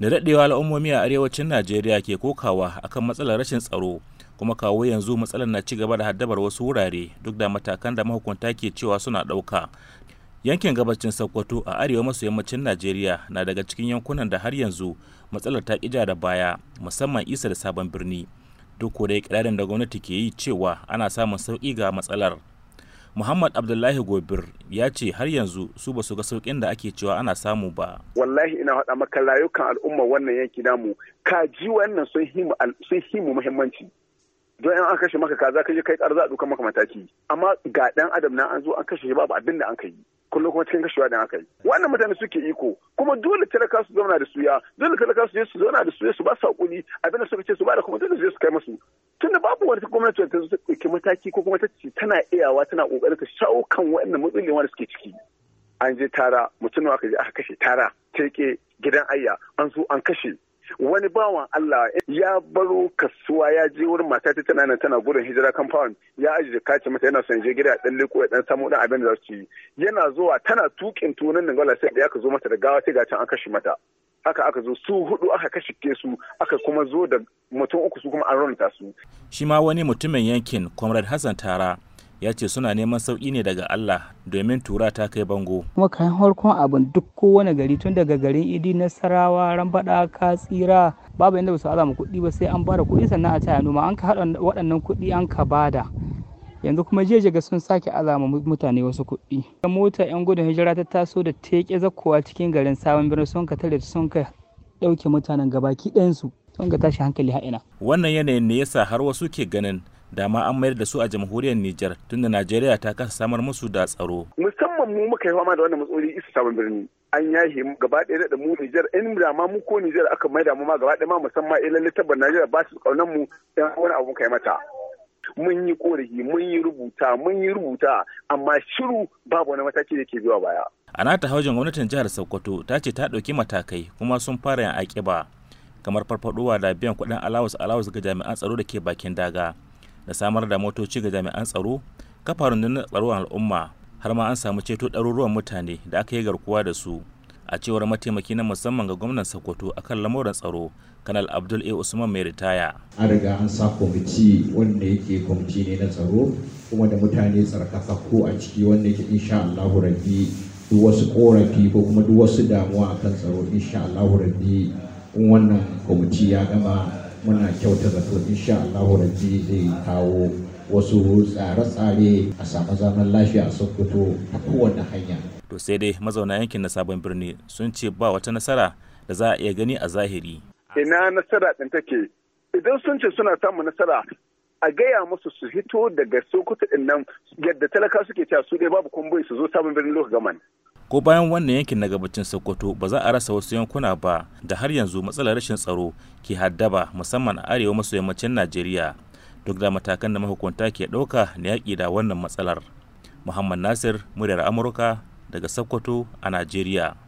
da daɗewa al'ummomi a arewacin najeriya ke kokawa akan matsalar rashin tsaro kuma kawo yanzu matsalar na ci gaba da haddabar wasu wurare duk da matakan da mahukunta ke cewa suna ɗauka yankin gabacin sokoto a arewa maso yammacin najeriya na daga cikin yankunan da har yanzu matsalar ta ƙi da baya musamman isa da sabon birni duk da ikirarin da gwamnati ke yi cewa ana samun sauƙi ga matsalar Muhammad Abdullahi Gobir ya ce har yanzu su ba su ga sauƙin da ake cewa ana samu ba. Wallahi ina faɗa maka rayukan al'umma wannan yanki namu ka ji wannan sun himu muhimmanci. don in an kashe maka kaza kai kai karza dukan maka mataki amma ga ɗan adam na an zo an kashe babu abin da an kai kullum kuma cikin kashewa da aka yi wannan mutane suke iko kuma dole talaka su zauna da suya dole talaka su je su zauna da suya su ba su hakuri abin da suka ce su ba da kuma dole su je su kai musu tunda babu wani gwamnati da ta ɗauki mataki ko kuma ta ce tana iyawa tana ƙoƙarin ta shawo kan waɗannan matsalolin da suke ciki an je tara mutum aka je aka kashe tara teke gidan ayya an zo an kashe wani bawan Allah ya baro kasuwa ya je wurin mata ta tana nan tana gudun hijira compound ya ajiye kaci mata yana son je gida ya dan leko ya dan samu dan abin da zasu su ci yana zuwa tana tukin tunan nan gwala sai da aka zo mata da gawa sai ga can an kashe mata haka aka zo su hudu aka kashe su aka kuma zo da mutum uku su kuma an ranta su shi ma wani mutumin yankin comrade Hassan Tara ya ce suna neman sauƙi ne daga Allah domin tura ta kai bango. Kuma kayan harkon abin duk kowane gari tun daga garin idi nasarawa rambaɗa tsira. babu inda ba su alama kuɗi ba sai an bada kuɗi sannan a caya, noma an ka haɗa waɗannan kuɗi an ka bada. yanzu kuma jiya ga sun sake azama mutane wasu kuɗi. mota 'yan gudun hijira ta taso da teke zakkowa cikin garin sabon birnin sun ka tare sun ka ɗauke mutanen gabaki ɗayansu sun ka tashi hankali ha'ina. wannan yanayin ne yasa har wasu ke ganin dama an mayar da su a jamhuriyar Nijar tunda Najeriya ta kasa samar musu da tsaro. Musamman mu muka yi fama da wannan matsaloli isa sabon birni. An yahe mu gaba ɗaya da mu Nijar in da ma mu ko Nijar aka maida mu ma gaba ɗaya ma musamman ilan littabar Najeriya ba su kaunan mu ɗan wani abu muka yi mata. Mun yi ƙorafi mun yi rubuta, mun yi rubuta, amma shiru babu wani mataki da ke zuwa baya. A nata haujin gwamnatin jihar Sokoto ta ce ta ɗauki matakai kuma sun fara yin aƙiba kamar farfaɗowa da biyan kuɗin alawus alawus ga jami'an tsaro da ke bakin daga da samar da motoci ga jami'an tsaro kafa rundunar a al'umma har ma an samu ceto ɗaruruwan mutane da aka yi garkuwa da su a cewar mataimaki na musamman ga gwamnan sokoto akan lamuran tsaro kanal abdul a usman mai ritaya an riga an sa kwamiti wanda yake kwamiti ne na tsaro kuma da mutane tsarkaka ko a ciki wanda yake insha allahu rabbi duk wasu korafi ko kuma duk wasu damuwa akan tsaro insha allahu rabbi wannan kwamiti ya gama muna kyauta to insha Allah rabbi zai kawo wasu tsare-tsare a samu zaman lafiya a sokoto a kowane hanya to sai dai mazauna yankin na sabon birni sun ce ba wata nasara da za a iya gani a zahiri ina nasara din take idan sun ce suna samun nasara a gaya musu su hito daga sokoto din nan yadda talaka suke cewa su dai babu kumbai su zo sabon birnin lokacin gaman ko bayan wannan yankin na gabacin sokoto ba za a rasa wasu yankuna ba da har yanzu matsalar rashin tsaro ke haddaba musamman a arewa maso yammacin najeriya duk da matakan da mahukunta ke ɗauka na yaƙi da wannan matsalar muhammad nasir muryar amurka daga sokoto a najeriya